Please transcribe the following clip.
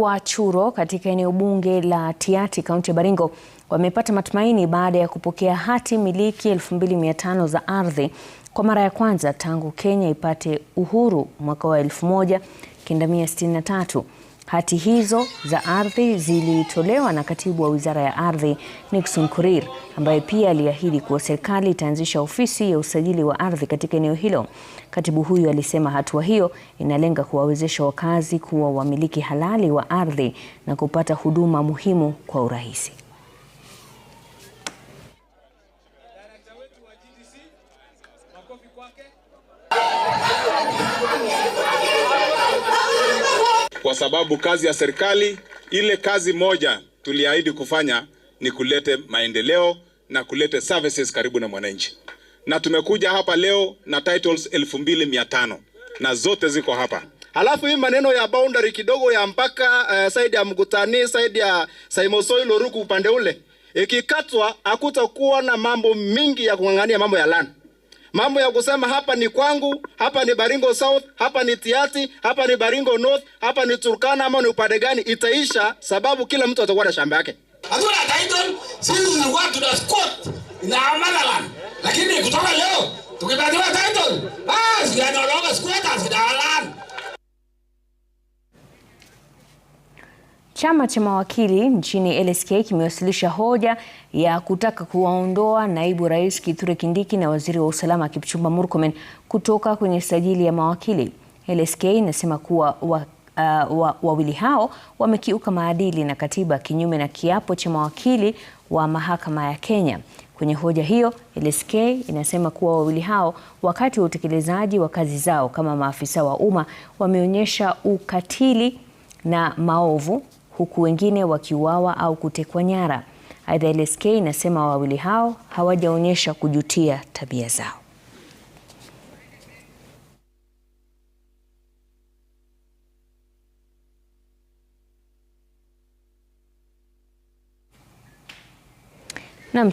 wa Churo katika eneo bunge la Tiaty kaunti ya Baringo wamepata matumaini baada ya kupokea hati miliki 2500 za ardhi kwa mara ya kwanza tangu Kenya ipate uhuru mwaka wa 1963. Hati hizo za ardhi zilitolewa na katibu wa wizara ya ardhi Nixon Kurir, ambaye pia aliahidi kuwa serikali itaanzisha ofisi ya usajili wa ardhi katika eneo hilo. Katibu huyu alisema hatua hiyo inalenga kuwawezesha wakazi kuwa wamiliki halali wa ardhi na kupata huduma muhimu kwa urahisi. sababu kazi ya serikali ile kazi moja tuliahidi kufanya ni kulete maendeleo na kulete services karibu na mwananchi, na tumekuja hapa leo na titles 2500 na zote ziko hapa. Halafu hii maneno ya boundary kidogo ya mpaka uh, side ya Mgutani side ya Saimosoi Loruku upande ule ikikatwa, hakutakuwa na mambo mingi ya kung'ang'ania mambo ya land. Mambo ya kusema hapa ni kwangu, hapa ni Baringo South, hapa ni Tiati, hapa ni Baringo North, hapa ni Turkana ama ni upande gani, itaisha sababu kila mtu atakuwa na shamba yake. Hatuna title, sisi ni watu na squat na amalan. Lakini kutoka leo tukipatiwa title, basi ndio ndio asida. Chama cha mawakili nchini LSK kimewasilisha hoja ya kutaka kuwaondoa naibu rais Kithure Kindiki na waziri wa usalama Kipchumba Murkomen kutoka kwenye sajili ya mawakili. LSK inasema kuwa wa, uh, wawili hao wamekiuka maadili na katiba kinyume na kiapo cha mawakili wa mahakama ya Kenya. Kwenye hoja hiyo, LSK inasema kuwa wawili hao wakati wa utekelezaji wa kazi zao kama maafisa wa umma wameonyesha ukatili na maovu huku wengine wakiuawa au kutekwa nyara. Aidha, LSK inasema wawili hao hawajaonyesha kujutia tabia zao. Na